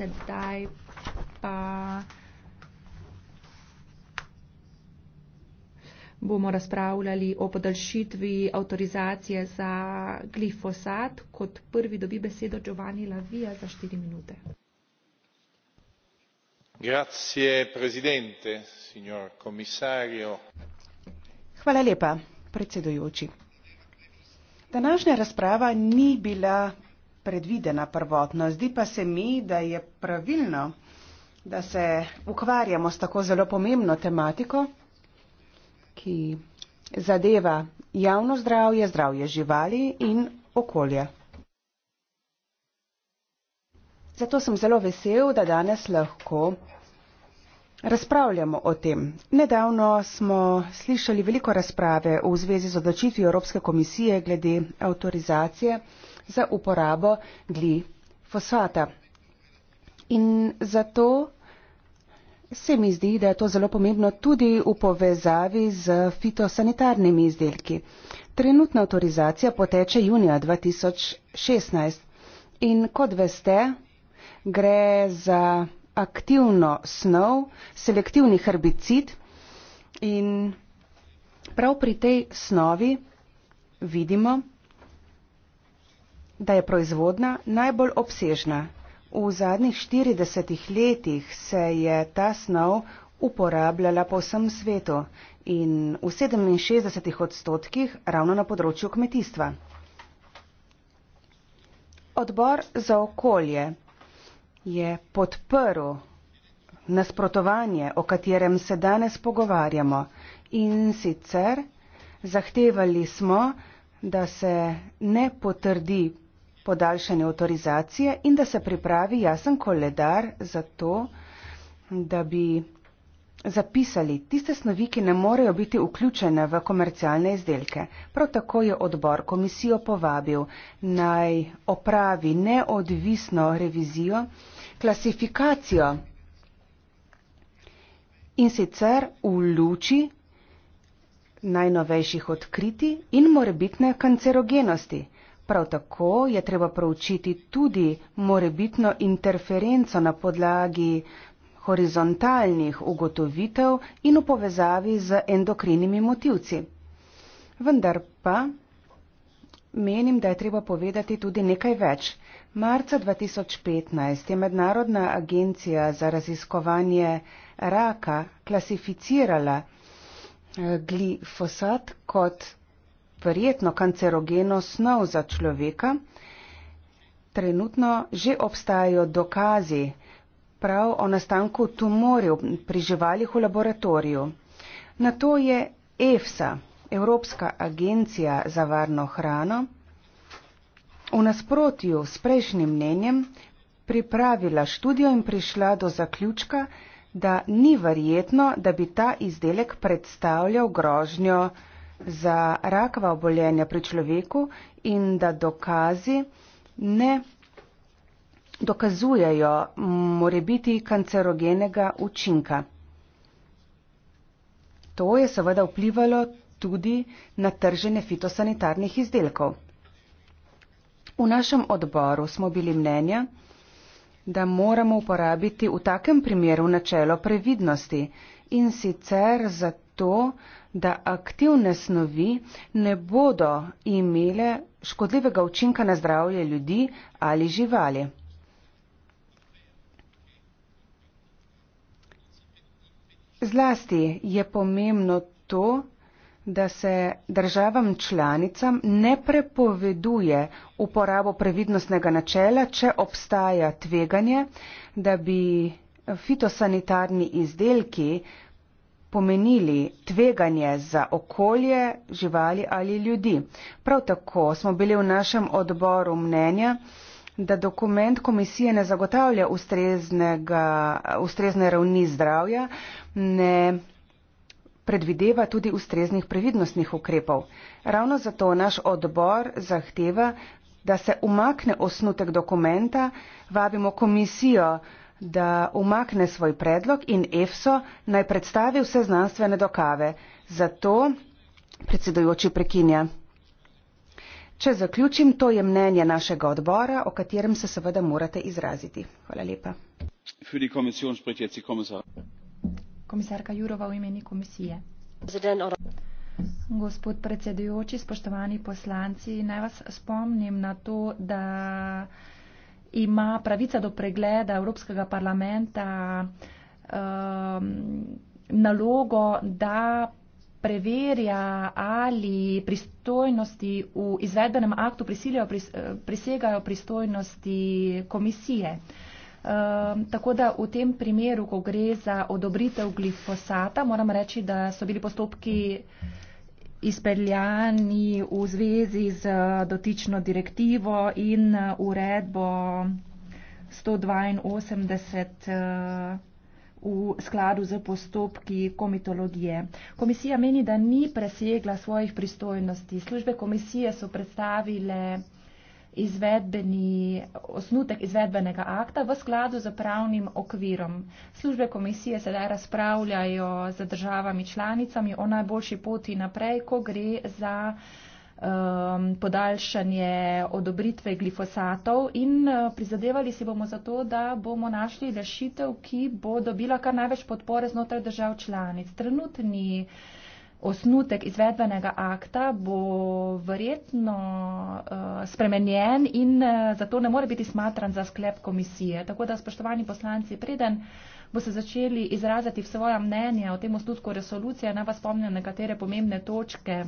sedaj pa bomo razpravljali o podaljšitvi avtorizacije za glifosat. Kot prvi dobi besedo Giovanni Lavija za 4 minute. Grazie, presidente, signor commissario. Hvala lepa, predsedujoči. Današnja razprava ni bila predvidena prvotno. Zdi pa se mi, da je pravilno, da se ukvarjamo s tako zelo pomembno tematiko, ki zadeva javno zdravje, zdravje živali in okolje. Zato sem zelo vesel, da danes lahko razpravljamo o tem. Nedavno smo slišali veliko razprave v zvezi z odločitvijo Evropske komisije glede avtorizacije za uporabo glifosata. In zato se mi zdi, da je to zelo pomembno tudi v povezavi z fitosanitarnimi izdelki. Trenutna autorizacija poteče junija 2016 in kot veste, gre za aktivno snov, selektivni herbicid in prav pri tej snovi vidimo, da je proizvodna najbolj obsežna. V zadnjih 40 letih se je ta snov uporabljala po vsem svetu in v 67 odstotkih ravno na področju kmetijstva. Odbor za okolje je podprl nasprotovanje, o katerem se danes pogovarjamo in sicer zahtevali smo, da se ne potrdi podaljšanje autorizacije in da se pripravi jasen koledar za to, da bi zapisali tiste snovi, ki ne morejo biti vključene v komercialne izdelke. Prav tako je odbor komisijo povabil naj opravi neodvisno revizijo, klasifikacijo in sicer v luči najnovejših odkriti in morebitne kancerogenosti. Prav tako je treba proučiti tudi morebitno interferenco na podlagi horizontalnih ugotovitev in v povezavi z endokrinimi motivci. Vendar pa menim, da je treba povedati tudi nekaj več. Marca 2015 je Mednarodna agencija za raziskovanje raka klasificirala eh, glifosat kot verjetno kancerogeno snov za človeka. Trenutno že obstajajo dokazi prav o nastanku tumorjev pri živalih v laboratoriju. Na to je EFSA, Evropska agencija za varno hrano, v nasprotju s prejšnjim mnenjem pripravila študijo in prišla do zaključka, da ni verjetno, da bi ta izdelek predstavljal grožnjo za rakava obolenja pri človeku in da dokazi ne dokazujejo morebiti kancerogenega učinka. To je seveda vplivalo tudi na tržene fitosanitarnih izdelkov. V našem odboru smo bili mnenja, da moramo uporabiti v takem primeru načelo previdnosti in sicer zato, to, da aktivne snovi ne bodo imele škodljivega učinka na zdravje ljudi ali živali. Zlasti je pomembno to, da se državam članicam ne prepoveduje uporabo previdnostnega načela, če obstaja tveganje, da bi fitosanitarni izdelki pomenili tveganje za okolje, živali ali ljudi. Prav tako smo bili v našem odboru mnenja, da dokument komisije ne zagotavlja ustrezne ravni zdravja, ne predvideva tudi ustreznih previdnostnih ukrepov. Ravno zato naš odbor zahteva, da se umakne osnutek dokumenta, vabimo komisijo, da umakne svoj predlog in EFSO naj predstavi vse znanstvene dokave. Zato predsedojoči prekinja. Če zaključim, to je mnenje našega odbora, o katerem se seveda morate izraziti. Hvala lepa. Komisarka Jurova v imeni komisije. Gospod predsedujoči, spoštovani poslanci, naj vas spomnim na to, da ima pravica do pregleda Evropskega parlamenta um, nalogo, da preverja, ali pristojnosti v izvedbenem aktu prisilijo, pris, prisegajo pristojnosti komisije. Um, tako da v tem primeru, ko gre za odobritev glifosata, moram reči, da so bili postopki izpeljani v zvezi z dotično direktivo in eh, uredbo 182 eh, v skladu z postopki komitologije. Komisija meni, da ni presegla svojih pristojnosti. Službe komisije so predstavile izvedbeni osnutek izvedbenega akta v skladu z pravnim okvirom. Službe komisije sedaj razpravljajo z državami članicami o najboljši poti naprej, ko gre za um, podaljšanje odobritve glifosatov in uh, prizadevali si bomo za to, da bomo našli rešitev, ki bo dobila kar največ podpore znotraj držav članic. Trenutni osnutek izvedbenega akta bo verjetno uh, spremenjen in uh, zato ne more biti smatran za sklep komisije. Tako da, spoštovani poslanci, preden bo se začeli izražati svoja mnenja o tem osnutku resolucije, naj vas spomnim nekatere pomembne točke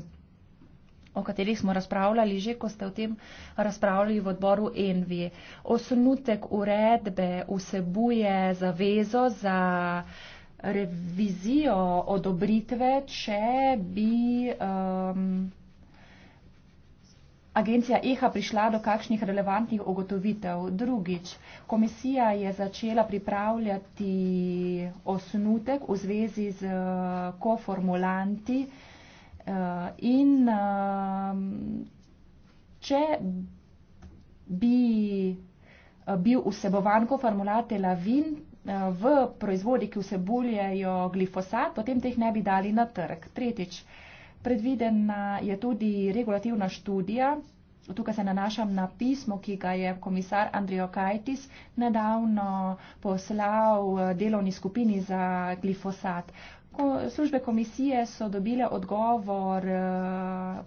o katerih smo razpravljali že, ko ste o tem razpravljali v odboru Envi. Osnutek uredbe vsebuje zavezo za revizijo odobritve, če bi um, agencija EHA prišla do kakšnih relevantnih ugotovitev. Drugič, komisija je začela pripravljati osnutek v zvezi z uh, koformulanti uh, in um, če bi uh, bil vsebovan koformulat Telavin, Eh, v proizvodi, ki vsebujejo glifosat, potem teh ne bi dali na trg. Tretjič, predvidena je tudi regulativna študija. Tukaj se nanašam na pismo, ki ga je komisar Andrijo Kajtis nedavno poslal eh, delovni skupini za glifosat. Službe komisije so dobile odgovor eh,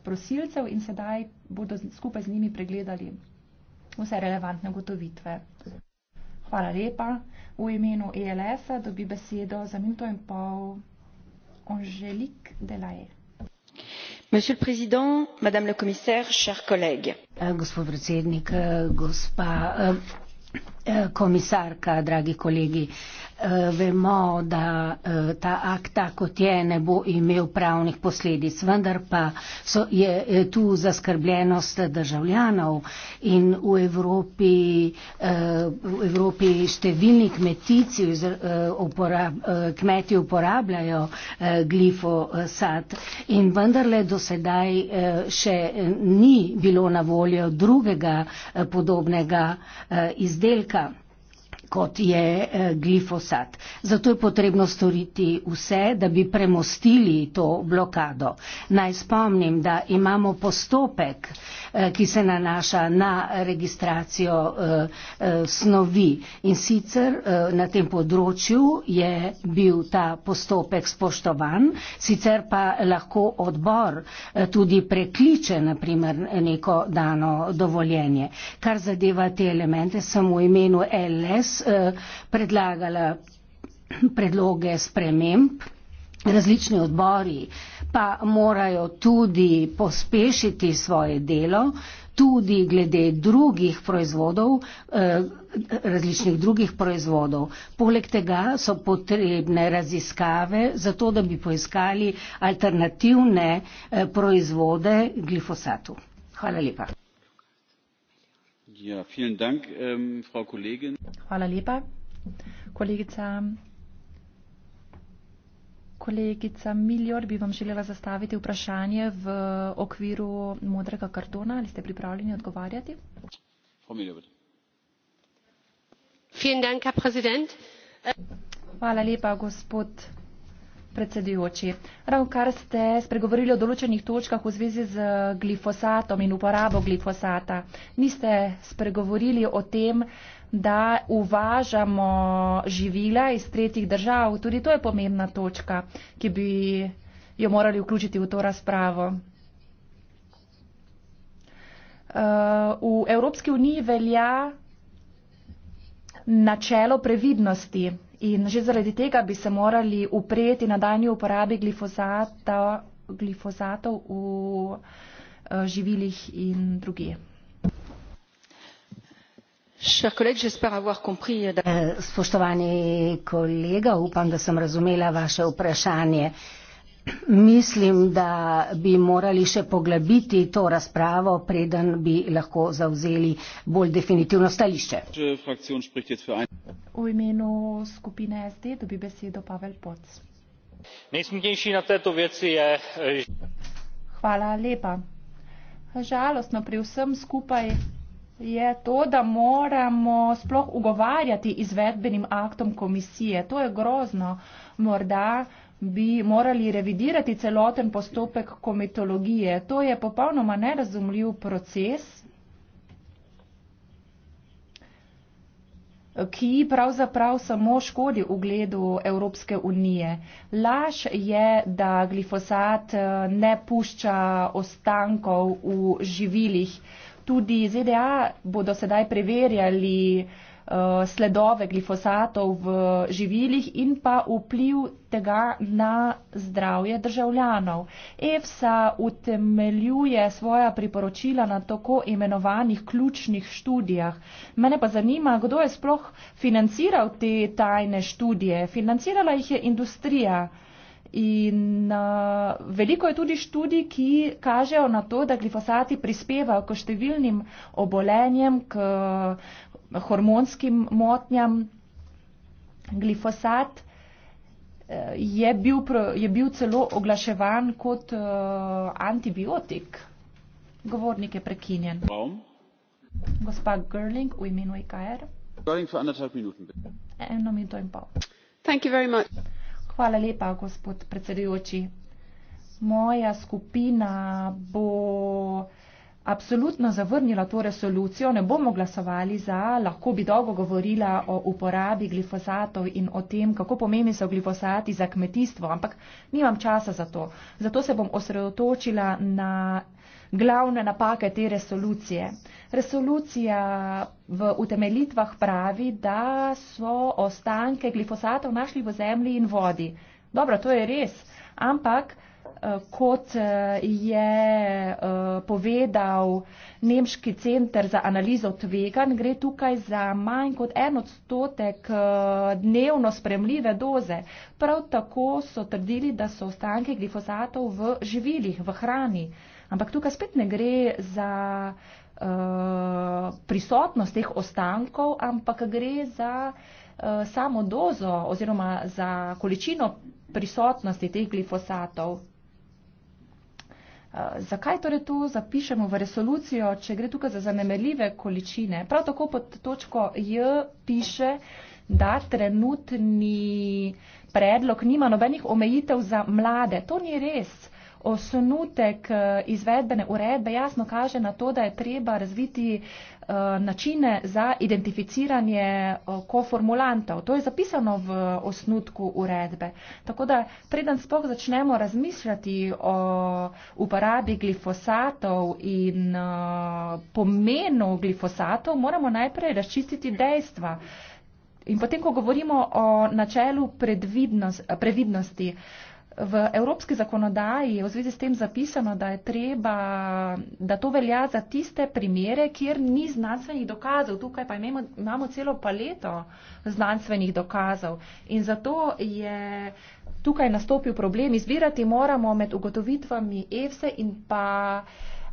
prosilcev in sedaj bodo skupaj z njimi pregledali vse relevantne gotovitve. Hvala lepa. V imenu ELF dobi besedo za minuto in pol Angelique Delaje. Monsieur le Président, Madame la Commissaire, chers collègues. Eh, gospod predsednik, eh, gospa. Uh, Eh, komisarka, dragi kolegi, eh, vemo, da eh, ta akta kot je ne bo imel pravnih posledic, vendar pa so, je tu zaskrbljenost državljanov in v Evropi, v Evropi številni kmetici, uporab, kmeti uporabljajo glifosat in vendarle do sedaj še ni bilo na voljo drugega podobnega izdelka izdelka kot je eh, glifosat. Zato je potrebno storiti vse, da bi premostili to blokado. Naj spomnim, da imamo postopek, eh, ki se nanaša na registracijo eh, snovi in sicer na tem področju je bil ta postopek spoštovan, sicer pa lahko odbor tudi prekliče naprimer neko dano dovoljenje. Kar zadeva te elemente, sem v imenu LS Eh, predlagala predloge sprememb. Različni odbori pa morajo tudi pospešiti svoje delo, tudi glede drugih proizvodov, eh, različnih drugih proizvodov. Poleg tega so potrebne raziskave, zato da bi poiskali alternativne eh, proizvode glifosatu. Hvala lepa. Ja, vielen Dank, ähm, Frau Kollegin. Hvala lepa, kolegica. Kolegica Miljor, bi vam želela zastaviti vprašanje v okviru modrega kartona. Ali ste pripravljeni odgovarjati? Hvala lepa, gospod predsedujoči. Ravnokar ste spregovorili o določenih točkah v zvezi z glifosatom in uporabo glifosata. Niste spregovorili o tem, da uvažamo živila iz tretjih držav. Tudi to je pomembna točka, ki bi jo morali vključiti v to razpravo. Uh, v Evropski uniji velja načelo previdnosti. In že zaradi tega bi se morali upreti nadaljni uporabi glifosata, glifosatov v eh, živilih in druge. Euh, eh, spoštovani kolega, upam, da sem razumela vaše vprašanje. Mislim, da bi morali še poglabiti to razpravo, preden bi lahko zavzeli bolj definitivno stališče. V imenu skupine SD dobi besedo Pavel Poc. Najsmutnejši na tej veci je. Eh, Hvala lepa. Žalostno pri vsem skupaj je to, da moramo sploh ugovarjati izvedbenim aktom komisije. To je grozno. Morda bi morali revidirati celoten postopek komitologije. To je popolnoma nerazumljiv proces, ki pravzaprav samo škodi v gledu Evropske unije. Laž je, da glifosat eh, ne pušča ostankov v živilih. Tudi ZDA bodo sedaj preverjali, Eh, sledove glifosatov v živilih in pa vpliv tega na zdravje državljanov. EFSA utemeljuje svoja priporočila na tako imenovanih ključnih študijah. Mene pa zanima, kdo je sploh financiral te tajne študije. Financirala jih je industrija. In uh, veliko je tudi študij, ki kažejo na to, da glifosati prispevajo k številnim obolenjem, k uh, hormonskim motnjam. Glifosat eh, je bil, je bil celo oglaševan kot eh, antibiotik. Govornik je prekinjen. Baum. Gospa Gerling v imenu IKR. E Eno minuto in pol. Hvala lepa, gospod predsedujoči. Moja skupina bo absolutno zavrnila to resolucijo, ne bomo glasovali za, lahko bi dolgo govorila o uporabi glifosatov in o tem, kako pomembni so glifosati za kmetijstvo, ampak nimam časa za to. Zato se bom osredotočila na glavne napake te resolucije. Resolucija v utemelitvah pravi, da so ostanke glifosatov našli v zemlji in vodi. Dobro, to je res, ampak Eh, kot eh, je eh, povedal Nemški centr za analizo tvegan, gre tukaj za manj kot en odstotek dnevno spremljive doze. Prav tako so trdili, da so ostanke glifosatov v živilih, v hrani. Ampak tukaj spet ne gre za prisotnost teh ostankov, ampak gre za samo dozo oziroma za količino prisotnosti teh glifosatov. Eh, zakaj torej to zapišemo v resolucijo, če gre tukaj za zanemeljive količine? Prav tako pod točko J piše, da trenutni predlog nima nobenih omejitev za mlade. To ni res osnutek eh, izvedbene uredbe jasno kaže na to, da je treba razviti eh, načine za identificiranje eh, koformulantov. To je zapisano v osnutku uredbe. Tako da, preden spoh začnemo razmišljati o uporabi glifosatov in pomenu glifosatov, moramo najprej razčistiti dejstva. In potem, ko govorimo o načelu previdnosti, v evropski zakonodaji v zvezi s tem zapisano, da je treba, da to velja za tiste primere, kjer ni znanstvenih dokazov. Tukaj pa imamo, imamo celo paleto znanstvenih dokazov. In zato je tukaj nastopil problem. Izbirati moramo med ugotovitvami EFSE e in pa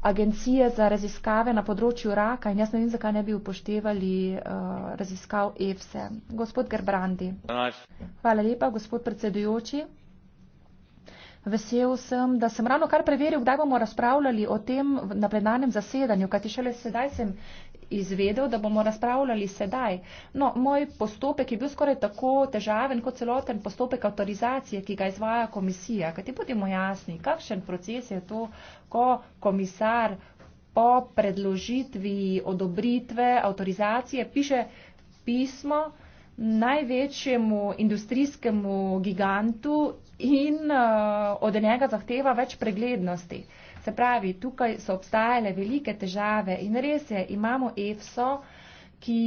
agencije za raziskave na področju raka in jaz ne vem, zakaj ne bi upoštevali uh, raziskav EFSE. E. Gospod Gerbrandi. Hvala lepa, gospod predsedujoči. Vesel sem, da sem ravno kar preveril, kdaj bomo razpravljali o tem na plenarnem zasedanju, kajti šele sedaj sem izvedel, da bomo razpravljali sedaj. No, moj postopek je bil skoraj tako težaven kot celoten postopek avtorizacije, ki ga izvaja komisija. Kajti bodimo jasni, kakšen proces je to, ko komisar po predložitvi odobritve, avtorizacije piše pismo največjemu industrijskemu gigantu in uh, od njega zahteva več preglednosti. Se pravi, tukaj so obstajale velike težave in res je, imamo EFSO ki,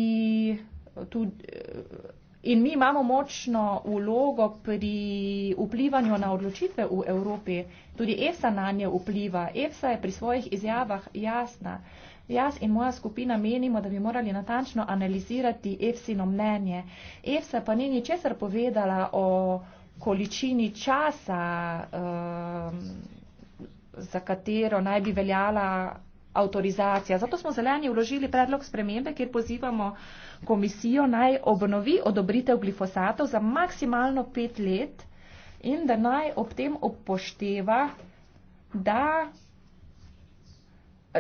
eh, tudi, eh, in mi imamo močno vlogo pri vplivanju na odločitve v Evropi. Tudi EFSA na nje vpliva. EFSA je pri svojih izjavah jasna. Jaz in moja skupina menimo, da bi morali natančno analizirati EFSINO mnenje. EFSA pa ni ničesar povedala o količini časa, ehm, za katero naj bi veljala avtorizacija. Zato smo zeleni vložili predlog spremembe, kjer pozivamo komisijo naj obnovi odobritev glifosatov za maksimalno pet let in da naj ob tem upošteva, da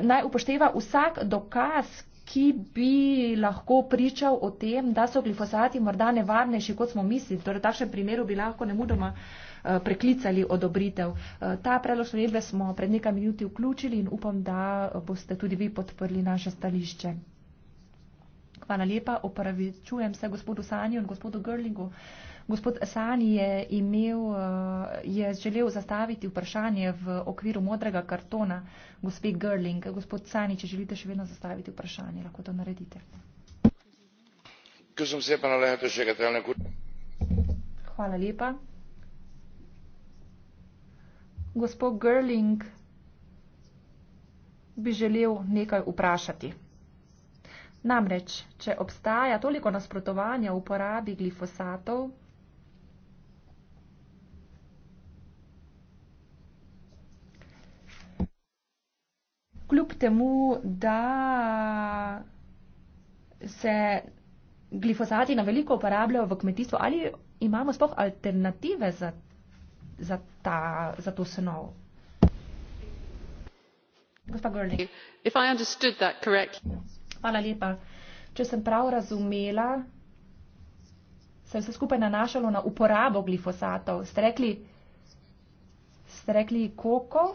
naj upošteva vsak dokaz, ki bi lahko pričal o tem, da so glifosati morda nevarnejši, kot smo mislili. Torej, v takšnem primeru bi lahko nemudoma eh, preklicali odobritev. Eh, ta predlog sredbe smo pred nekaj minuti vključili in upam, da boste tudi vi podprli naše stališče. Hvala lepa, opravičujem se gospodu Sanju in gospodu Grlingu. Gospod Sani je, imel, eh, je želel zastaviti vprašanje v okviru modrega kartona gospe Gerling. Gospod Sani, če želite še vedno zastaviti vprašanje, lahko to naredite. Hvala lepa. Gospod Gerling bi želel nekaj vprašati. Namreč, če obstaja toliko nasprotovanja uporabi glifosatov, temu, da se glifosati na veliko uporabljajo v kmetijstvu, ali imamo sploh alternative za, za, ta, za to snov? Hvala lepa. Če sem prav razumela, sem se skupaj nanašalo na uporabo glifosatov. Ste rekli, ste rekli koliko?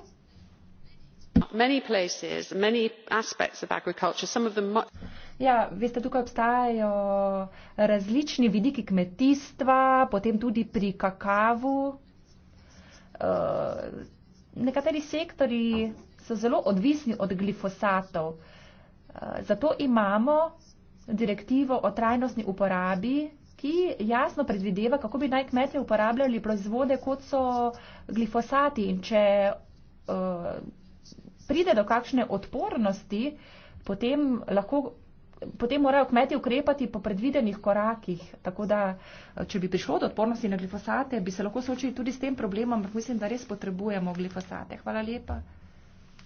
many places many aspects of agriculture some of them much Ja, veste, tukaj obstajajo različni vidiki kmetijstva, potem tudi pri kakavu. Eh, nekateri sektori so zelo odvisni od glifosatov. Eh, zato imamo direktivo o trajnostni uporabi, ki jasno predvideva, kako bi naj kmetje uporabljali proizvode, kot so glifosati in če eh, pride do kakšne odpornosti, potem, lahko, potem morajo kmeti ukrepati po predvidenih korakih. Tako da, eh, če bi prišlo do odpornosti na glifosate, bi se lahko soočili tudi s tem problemom, ampak mislim, da res potrebujemo glifosate. Hvala lepa.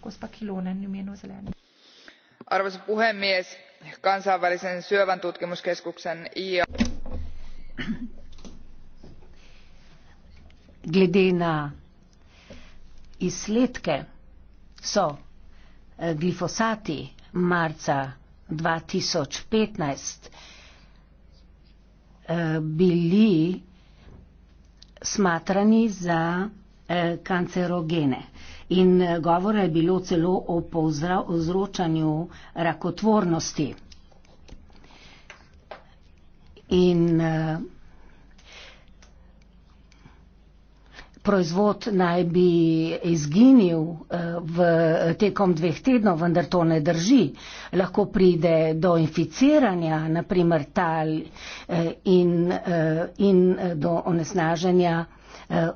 Gospa Kilonen, imenu zeleni. Arvoisa puhemies, kansainvälisen syövän tutkimuskeskuksen IA. Glede na izsledke so eh, glifosati marca 2015 eh, bili smatrani za eh, kancerogene. In govora je bilo celo o povzročanju rakotvornosti. In uh, proizvod naj bi izginil eh, v tekom dveh tednov, vendar to ne drži. Lahko pride do inficiranja, naprimer tal eh, in, eh, in do onesnaženja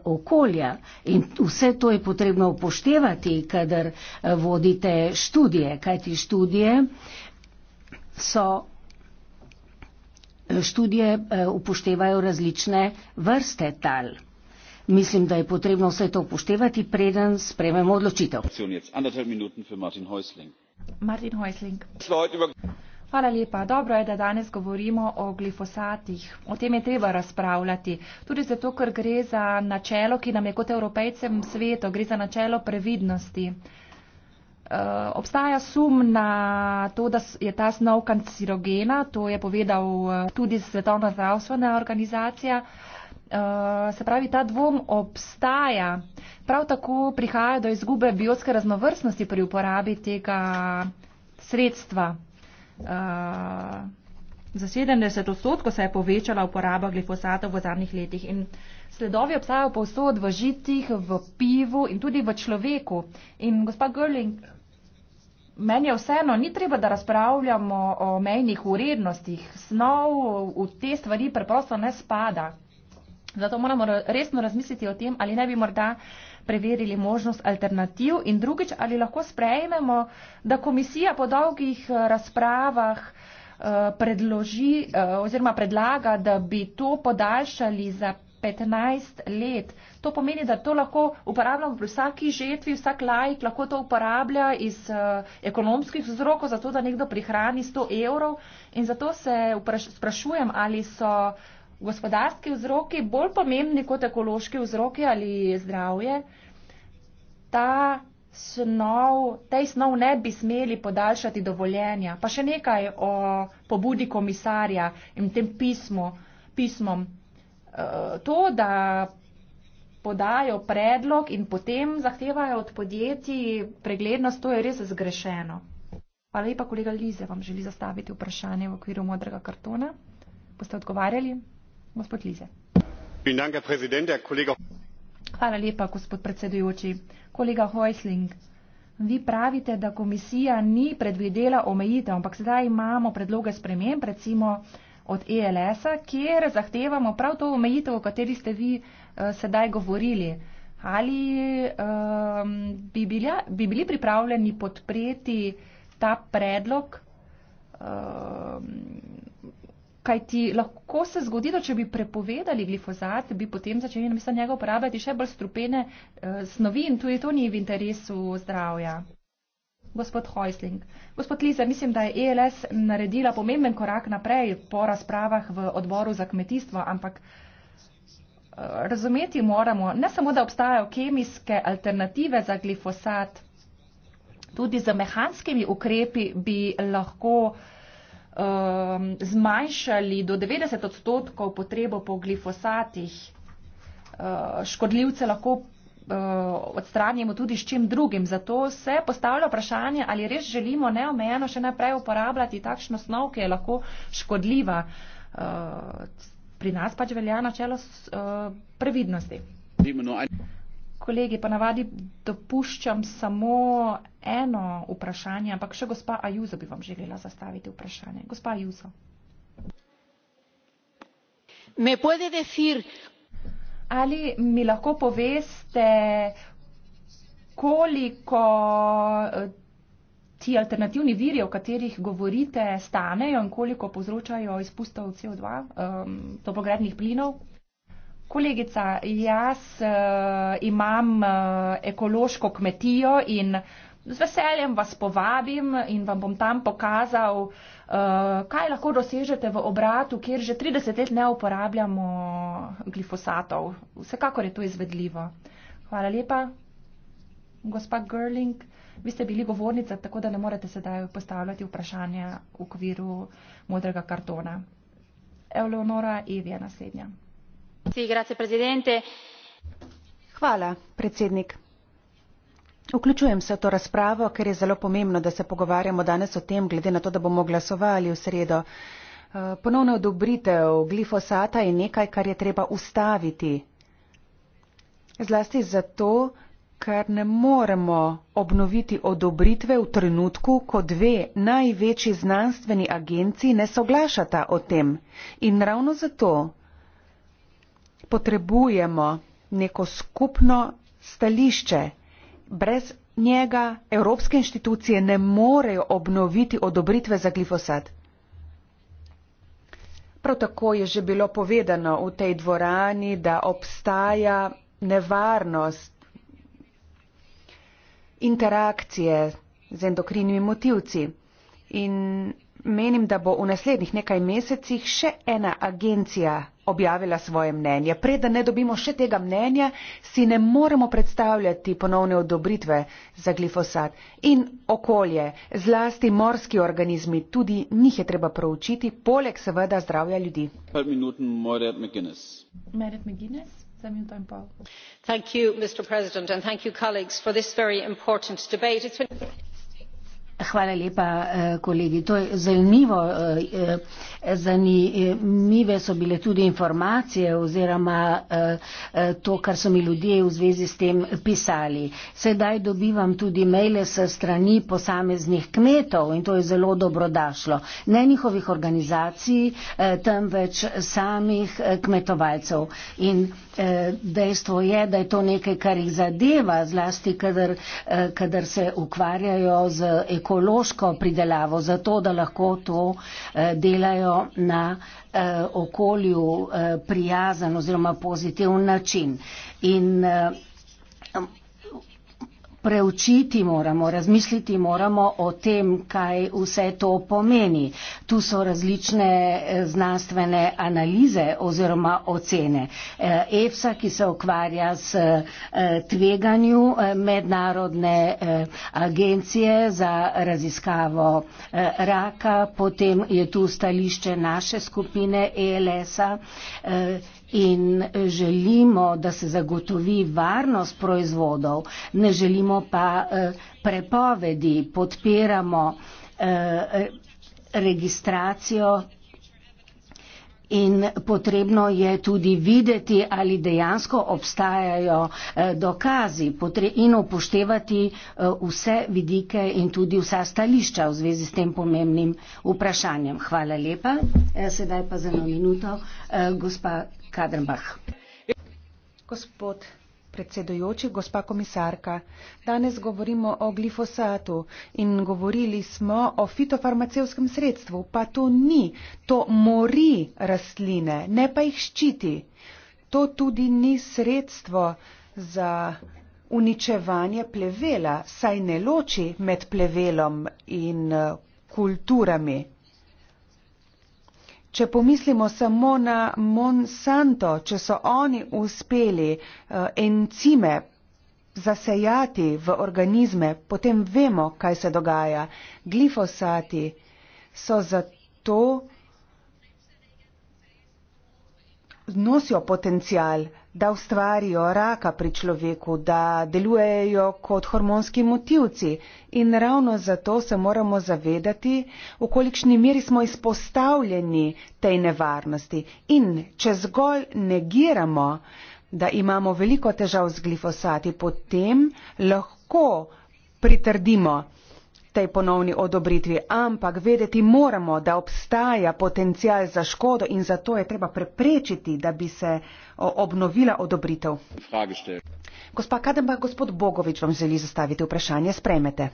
okolja. In vse to je potrebno upoštevati, kadar vodite študije, kajti študije so. Študije upoštevajo različne vrste tal. Mislim, da je potrebno vse to upoštevati, preden sprememo odločitev. Martin Häusling. Martin Häusling. Hvala lepa. Dobro je, da danes govorimo o glifosatih. O tem je treba razpravljati. Tudi zato, ker gre za načelo, ki nam je kot evropejcem sveto, gre za načelo previdnosti. Uh, obstaja sum na to, da je ta snov kancerogena, to je povedal eh, tudi Svetovna zdravstvena organizacija. Uh, Eh, se pravi, ta dvom obstaja. Prav tako prihaja do izgube biotske raznovrstnosti pri uporabi tega sredstva. Uh, za 70 odstotkov se je povečala uporaba glifosata v zadnjih letih in sledovi obstajajo povsod v žitih, v pivu in tudi v človeku. In gospa Görling, meni je vseeno, ni treba, da razpravljamo o mejnih urednostih. Snov v te stvari preprosto ne spada. Zato moramo resno razmisliti o tem, ali ne bi morda preverili možnost alternativ in drugič, ali lahko sprejmemo, da komisija po dolgih eh, razpravah eh, predloži eh, oziroma predlaga, da bi to podaljšali za 15 let. To pomeni, da to lahko uporabljamo pri vsaki žetvi, vsak lajk lahko to uporablja iz ekonomskih vzrokov, zato da nekdo prihrani 100 evrov in zato se sprašujem, ali so gospodarski vzroki bolj pomembni kot ekološki vzroki ali zdravje, ta snov, tej snov ne bi smeli podaljšati dovoljenja. Pa še nekaj o pobudi komisarja in tem pismo, pismom. E, to, da podajo predlog in potem zahtevajo od podjetij preglednost, to je res zgrešeno. Hvala lepa, kolega Lize, vam želi zastaviti vprašanje v okviru modrega kartona. Boste odgovarjali? Hvala lepa, gospod predsedujoči. Kolega Hojsling, vi pravite, da komisija ni predvidela omejitev, ampak sedaj imamo predloge sprememb, recimo od ELS-a, kjer zahtevamo prav to omejitev, o kateri ste vi uh, sedaj govorili. Ali um, bi, bila, bi bili pripravljeni podpreti ta predlog? Um, Kajti lahko se zgodi, da če bi prepovedali glifozat, bi potem začeli namesto njega uporabljati še bolj strupene eh, snovi in tudi to ni v interesu zdravja. Gospod Hojsling. Gospod Lize, mislim, da je ELS naredila pomemben korak naprej po razpravah v odboru za kmetijstvo, ampak eh, razumeti moramo, ne samo, da obstajajo kemijske alternative za glifosat, tudi z mehanskimi ukrepi bi lahko eh, um, zmanjšali do 90 odstotkov potrebo po glifosatih. Uh, škodljivce lahko uh, odstranimo tudi s čim drugim. Zato se postavlja vprašanje, ali res želimo neomejeno še naprej uporabljati takšno snov, ki je lahko škodljiva. Uh, pri nas pač velja načelo uh, previdnosti. Dimno, kolegi, ponavadi dopuščam samo eno vprašanje, ampak še gospa Ajuzo bi vam želela zastaviti vprašanje. Gospa Ajuzo. Me puede decir... Ali mi lahko poveste, koliko eh, ti alternativni viri, o katerih govorite, stanejo in koliko povzročajo izpustov CO2, um, ehm, toplogrednih plinov? Kolegica, jaz uh, imam uh, ekološko kmetijo in z veseljem vas povabim in vam bom tam pokazal, uh, kaj lahko dosežete v obratu, kjer že 30 let ne uporabljamo glifosatov. Vsekakor je to izvedljivo. Hvala lepa, gospa Gerling. Vi ste bili govornica, tako da ne morete sedaj postavljati vprašanja v okviru modrega kartona. Eleonora Evi je naslednja hvala predsednik vključujem se v to razpravo ker je zelo pomembno da se pogovarjamo danes o tem glede na to da bomo glasovali v sredo eh, ponovna odobritev glifosata je nekaj kar je treba ustaviti zlasti zato ker ne moremo obnoviti odobritve v trenutku ko dve največji znanstveni agenciji ne soglašata o tem in ravno zato potrebujemo neko skupno stališče. Brez njega evropske inštitucije ne morejo obnoviti odobritve za glifosat. Prav tako je že bilo povedano v tej dvorani, da obstaja nevarnost interakcije z endokrinimi motivci. In Menim, da bo v naslednjih nekaj mesecih še ena agencija objavila svoje mnenje. Preden ne dobimo še tega mnenja, si ne moremo predstavljati ponovne odobritve za glifosat. In okolje, zlasti morski organizmi, tudi njih je treba proučiti, poleg seveda zdravja ljudi. Thank you, Mr. President, and thank you, colleagues, for this very important debate. It's been... Hvala lepa, eh, kolegi. To je zanimivo. Eh, eh, zanimive so bile tudi informacije oziroma to, kar so mi ljudje v zvezi s tem pisali. Sedaj dobivam tudi maile s strani posameznih kmetov in to je zelo dobrodašlo. Ne njihovih organizacij, temveč samih kmetovalcev. In Eh, dejstvo je, da je to nekaj, kar jih zadeva, zlasti, kadar, eh, kadar se ukvarjajo z ekološko pridelavo, zato da lahko to eh, delajo na okolju prijazen oziroma pozitiven način. In, preučiti moramo, razmisliti moramo o tem, kaj vse to pomeni. Tu so različne eh, znanstvene analize oziroma ocene. Eh, EFSA, ki se ukvarja s eh, tveganju mednarodne agencije za raziskavo raka, potem je tu stališče naše skupine ELS-a in želimo, da se zagotovi varnost proizvodov, ne želimo pa eh, prepovedi, podpiramo eh, eh, registracijo in potrebno je tudi videti, ali dejansko obstajajo eh, dokazi in upoštevati eh, vse vidike in tudi vsa stališča v zvezi s tem pomembnim vprašanjem. Hvala lepa. Eh, sedaj pa za eno minuto gospa Kadrbah. Gospod predsedujoči, gospa komisarka. Danes govorimo o glifosatu in govorili smo o fitofarmacevskem sredstvu, pa to ni, to mori rastline, ne pa jih ščiti. To tudi ni sredstvo za uničevanje plevela, saj ne loči med plevelom in eh, kulturami. Če pomislimo samo na Monsanto, če so oni uspeli eh, encime zasejati v organizme, potem vemo, kaj se dogaja. Glifosati so zato nosijo potencial da ustvarijo raka pri človeku, da delujejo kot hormonski motivci in ravno zato se moramo zavedati, v kolikšni meri smo izpostavljeni tej nevarnosti in če zgolj negiramo, da imamo veliko težav z glifosati, potem lahko pritrdimo, tej ponovni odobritvi, ampak vedeti moramo, da obstaja potencial za škodo in zato je treba preprečiti, da bi se obnovila odobritev. Gospa Kadamba, gospod Bogovič vam želi zastaviti vprašanje, spremete.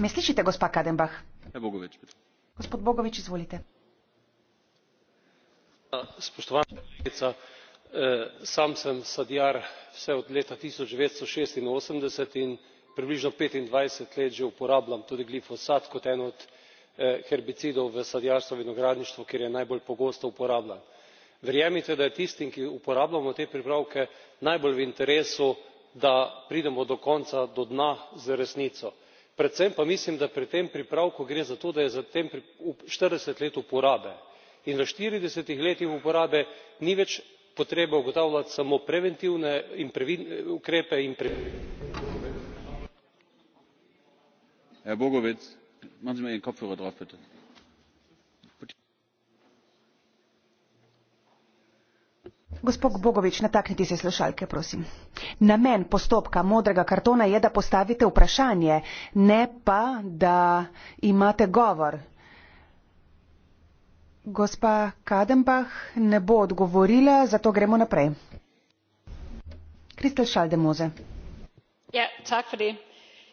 Me slišite, gospa Kadenbach? Bogovič, gospod Bogovič, izvolite. Spoštovana kolegica, Eh, sam sem sadjar vse od leta tisoč devetsto šestinosemdeset in približno petindvajset let že uporabljam tudi glifosat kot eden od eh, herbicidov v sadjarstvu vinogradništvu kjer je najbolj pogosto uporabljan. verjemite da je tistim ki uporabljamo te pripravke najbolj v interesu da pridemo do konca do dna z resnico. predvsem pa mislim da pri tem pripravku gre za to da je za tem štirideset let uporabe in v štiridesetih letih uporabe ni več potrebe ugotavljati samo preventivne ukrepe in namen postopka modrega kartona je da postavite vprašanje ne pa da imate govor. Gospa Kadenbach ne bo odgovorila, zato gremo naprej. Kristel Šaldemoze. Ja, tak for det.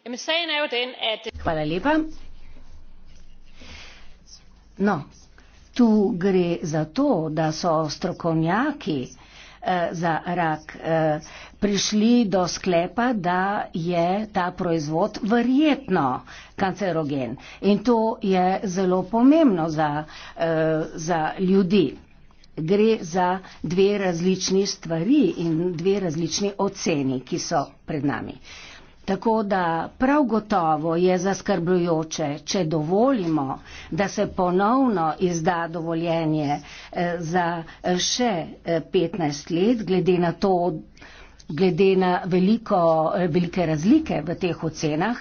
Er Hvala lepa. No, tu gre za to, da so strokovnjaki eh, za rak eh, prišli do sklepa, da je ta proizvod verjetno kancerogen. In to je zelo pomembno za, uh, za ljudi. Gre za dve različni stvari in dve različni oceni, ki so pred nami. Tako da prav gotovo je zaskrbljujoče, če dovolimo, da se ponovno izda dovoljenje eh, za eh, še 15 let, glede na to, glede na veliko, eh, velike razlike v teh ocenah,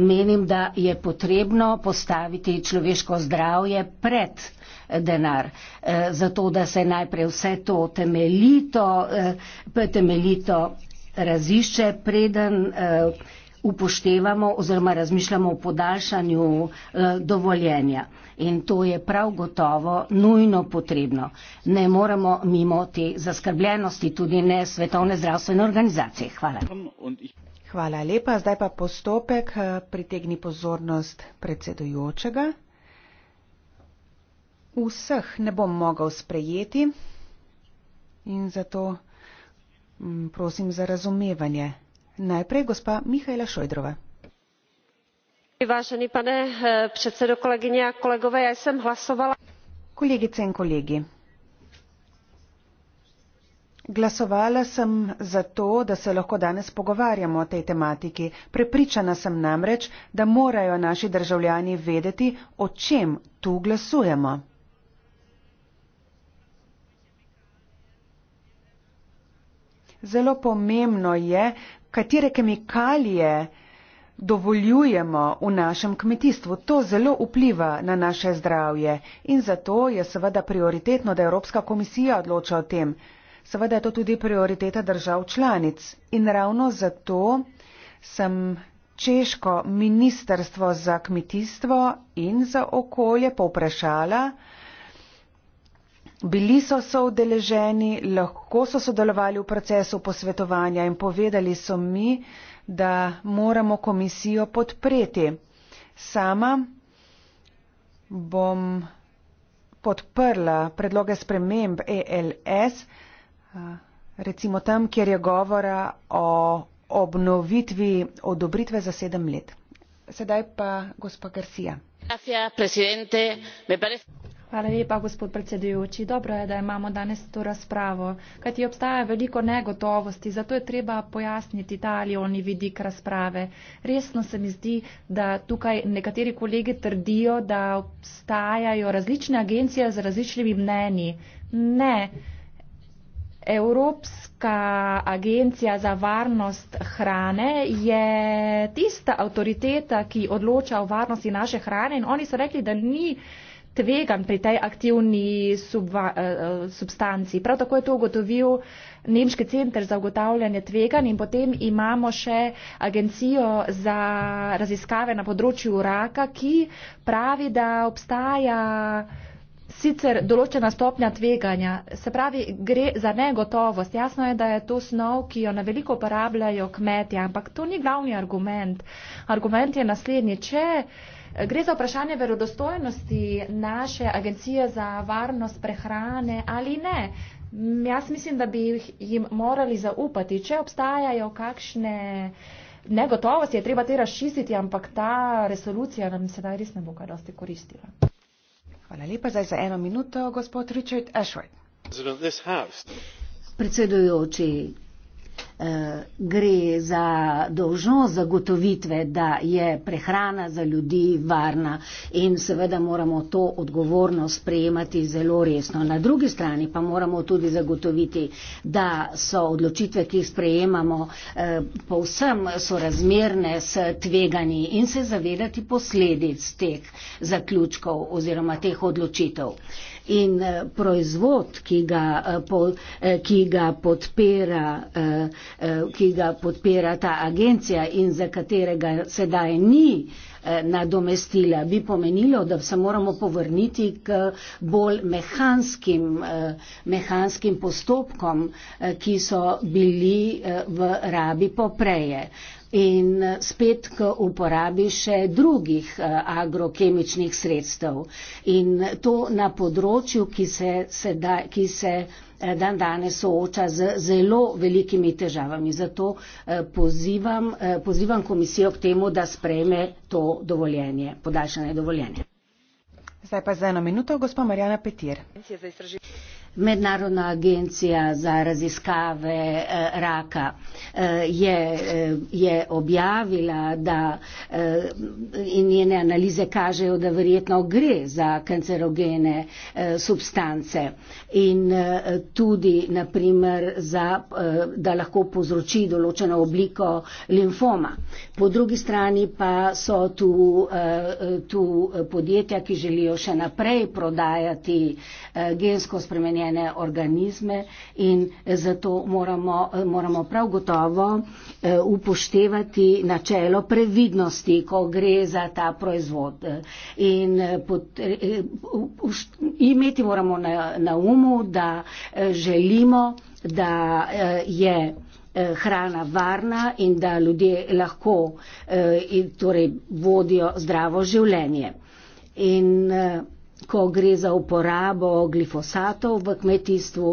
menim, da je potrebno postaviti človeško zdravje pred eh, denar, eh, zato da se najprej vse to temeljito, temeljito razišče, preden eh, upoštevamo oziroma razmišljamo o podaljšanju eh, dovoljenja. In to je prav gotovo nujno potrebno. Ne moremo mimo te zaskrbljenosti, tudi ne svetovne zdravstvene organizacije. Hvala. Hvala lepa. Zdaj pa postopek eh, pritegni pozornost predsedujočega. Vseh ne bom mogel sprejeti in zato mm, prosim za razumevanje. Najprej gospa Mihajla Šojdrova. Vážený pane eh, předsedo, kolegyně a kolegové, já ja jsem hlasovala... Kolegice in kolegi, Glasovala sem za to, da se lahko danes pogovarjamo o tej tematiki. Prepričana sem namreč, da morajo naši državljani vedeti, o čem tu glasujemo. Zelo pomembno je, katere kemikalije dovoljujemo v našem kmetijstvu. To zelo vpliva na naše zdravje in zato je seveda prioritetno, da Evropska komisija odloča o tem. Seveda je to tudi prioriteta držav članic in ravno zato sem Češko ministrstvo za kmetijstvo in za okolje povprašala, Bili so soodeleženi, lahko so sodelovali v procesu posvetovanja in povedali so mi, da moramo komisijo podpreti. Sama bom podprla predloge sprememb ELS, recimo tam, kjer je govora o obnovitvi odobritve za sedem let. Sedaj pa gospa Garcia gospod predsedujoči dobro je da imamo danes to razpravo kajti obstaja veliko negotovosti zato je treba pojasniti ta ali oni vidik razprave resno se mi zdi da tukaj nekateri kolegi trdijo da obstajajo različne agencije z različnimi mnenji ne obstajajo različne agencije z različnimi mnenji. Evropska agencija za varnost hrane je tista avtoriteta, ki odloča o varnosti naše hrane in oni so rekli, da ni tvegan pri tej aktivni subva, eh, eh substanci. Prav tako je to ugotovil Nemški centr za ugotavljanje tvegan in potem imamo še agencijo za raziskave na področju raka, ki pravi, da obstaja sicer določena stopnja tveganja. Se pravi, gre za negotovost. Jasno je, da je to snov, ki jo na veliko uporabljajo kmetje, ampak to ni glavni argument. Argument je naslednji. Če eh, gre za vprašanje verodostojnosti naše agencije za varnost prehrane ali ne, jaz mislim, da bi jim morali zaupati, če obstajajo kakšne. Negotovost je treba te razčistiti, ampak ta resolucija nam sedaj res ne bo kaj dosti koristila. Hvala lepa zdaj za eno minuto, gospod Richard Ashworth. Predsedujoči, Eh, gre za dožnost zagotovitve, da je prehrana za ljudi varna in seveda moramo to odgovornost sprejemati zelo resno. Na drugi strani pa moramo tudi zagotoviti, da so odločitve, ki jih sprejemamo, eh, povsem sorazmerne s tveganji in se zavedati posledic teh zaključkov oziroma teh odločitev in eh, proizvod, ki ga, eh, eh, ki ga, podpira, ki ga podpira ta agencija in za katerega sedaj ni nadomestila, bi pomenilo, da se moramo povrniti k bolj mehanskim, mehanskim postopkom, ki so bili v rabi popreje in eh, spet k uporabi še drugih eh, agrokemičnih sredstev. In to na področju, ki se, sedaj, ki se eh, dan danes sooča z zelo velikimi težavami. Zato pozivam, pozivam komisijo k temu, da spreme to dovoljenje, podaljšanje dovoljenje. Zdaj pa za eno minuto, gospod Marjana Petir. Mednarodna agencija za raziskave eh, raka eh, je, eh, je objavila, da in njene analize kažejo, da verjetno gre za kancerogene substance in tudi naprimer, za, da lahko povzroči določeno obliko limfoma. Po drugi strani pa so tu, tu podjetja, ki želijo še naprej prodajati gensko spremenjeno spremenjene organizme in zato moramo, moramo prav gotovo eh, upoštevati načelo previdnosti, ko gre za ta proizvod. In eh, eh, imeti moramo na, na umu, da želimo, da je hrana varna in da ljudje lahko torej, vodijo zdravo življenje. In uh, ko gre za uporabo glifosatov v kmetijstvu,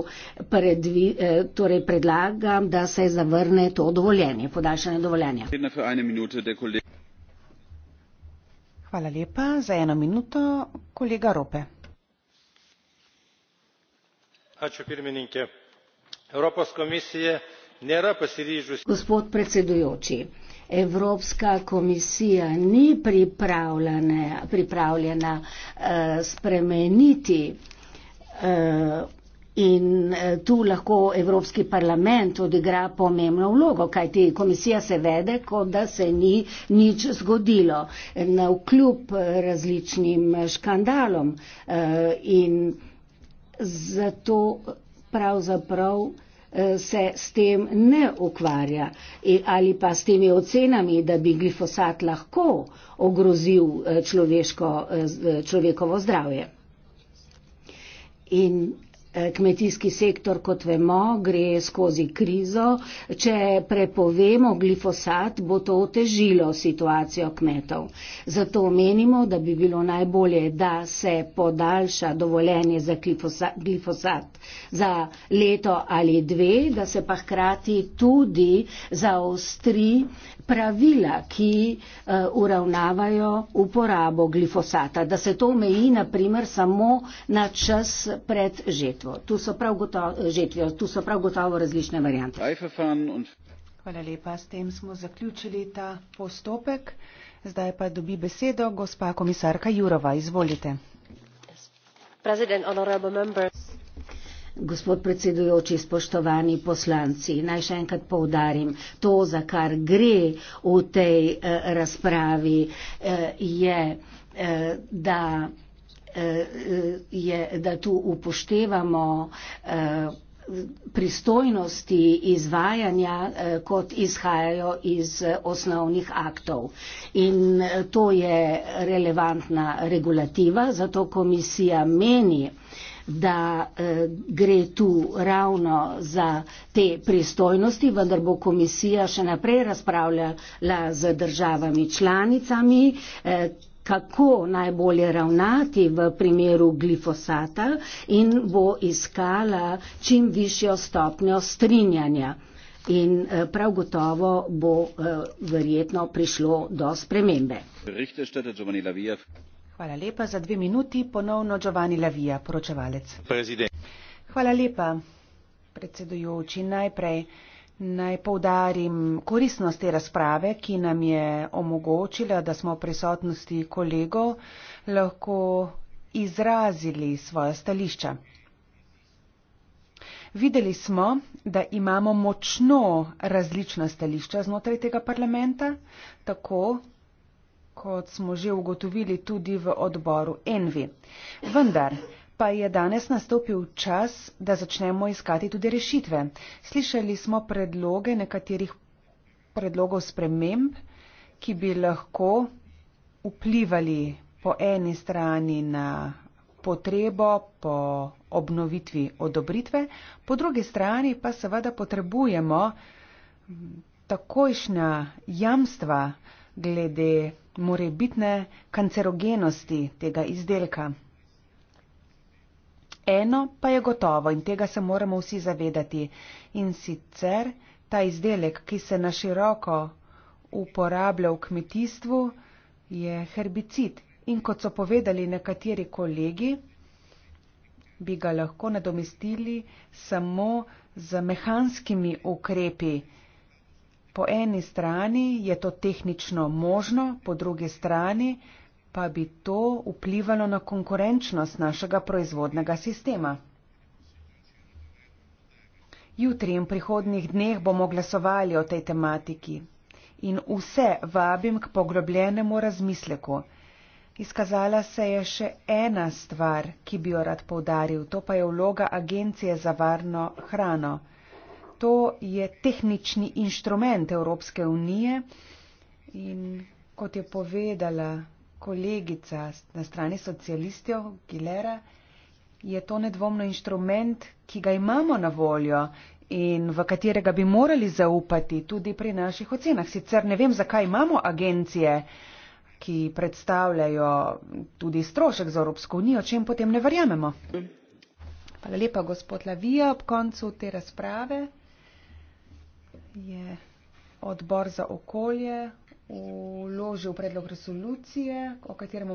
predvi, eh, torej predlagam, da se zavrne to dovoljenje, podaljšanje dovoljenja. Hvala lepa. Za eno minuto kolega Rope. Ačiū pirmininkė. Europos komisija nėra pasiryžusi. Gospod predsedujoči. Evropska komisija ni pripravljena, pripravljena uh, spremeniti uh, in uh, tu lahko Evropski parlament odigra pomembno vlogo, kajti komisija se vede, kot da se ni nič zgodilo na vkljub različnim škandalom uh, in zato pravzaprav. Uh, se s tem ne ukvarja e, ali pa s temi ocenami, da bi glifosat lahko ogrozil eh, človeško, eh, eh, človekovo zdravje. In Eh, kmetijski sektor, kot vemo, gre skozi krizo. Če prepovemo glifosat, bo to otežilo situacijo kmetov. Zato menimo, da bi bilo najbolje, da se podaljša dovoljenje za glifosat, glifosat za leto ali dve, da se pa hkrati tudi zaostri pravila, ki eh, uravnavajo uporabo glifosata, da se to omeji naprimer samo na čas pred žetvo žetvo. Tu so prav gotovo, eh, tu so prav gotovo različne variante. Hvala lepa. S tem smo zaključili ta postopek. Zdaj pa dobi besedo gospa komisarka Jurova. Izvolite. Gospod predsedujoči, spoštovani poslanci, naj še enkrat poudarim, to, za kar gre v tej eh, razpravi, eh, je, eh, da. Eh, je, da tu upoštevamo eh, pristojnosti izvajanja, eh, kot izhajajo iz osnovnih aktov. In to je relevantna regulativa, zato komisija meni, da gre tu ravno za te pristojnosti, vendar bo komisija še naprej razpravljala z državami članicami, kako najbolje ravnati v primeru glifosata in bo iskala čim višjo stopnjo strinjanja. In eh, prav gotovo bo eh, verjetno prišlo do spremembe. Hvala lepa za dve minuti. Ponovno Giovanni Lavija, poročevalec. Hvala lepa, predsedujoči, najprej. Naj povdarim korisnost te razprave, ki nam je omogočila, da smo v prisotnosti kolegov lahko izrazili svoja stališča. Videli smo, da imamo močno različna stališča znotraj tega parlamenta, tako kot smo že ugotovili tudi v odboru Envi. Vendar pa je danes nastopil čas, da začnemo iskati tudi rešitve. Slišali smo predloge nekaterih predlogov sprememb, ki bi lahko vplivali po eni strani na potrebo po obnovitvi odobritve, po drugi strani pa seveda potrebujemo takojšnja jamstva glede morebitne kancerogenosti tega izdelka. Eno pa je gotovo in tega se moramo vsi zavedati in sicer ta izdelek, ki se na široko uporablja v kmetijstvu, je herbicid in kot so povedali nekateri kolegi, bi ga lahko nadomestili samo z mehanskimi ukrepi. Po eni strani je to tehnično možno, po drugi strani pa bi to vplivalo na konkurenčnost našega proizvodnega sistema. Jutri in prihodnih dneh bomo glasovali o tej tematiki in vse vabim k poglobljenemu razmisleku. Izkazala se je še ena stvar, ki bi jo rad povdaril, to pa je vloga Agencije za varno hrano. To je tehnični inštrument Evropske unije in kot je povedala kolegica na strani socialistov, Gilera, je to nedvomno inštrument, ki ga imamo na voljo in v katerega bi morali zaupati tudi pri naših ocenah. Sicer ne vem, zakaj imamo agencije, ki predstavljajo tudi strošek za Evropsko unijo, čem potem ne verjamemo. Hvala lepa, gospod Lavija, ob koncu te razprave je odbor za okolje vložil predlog resolucije, o katerem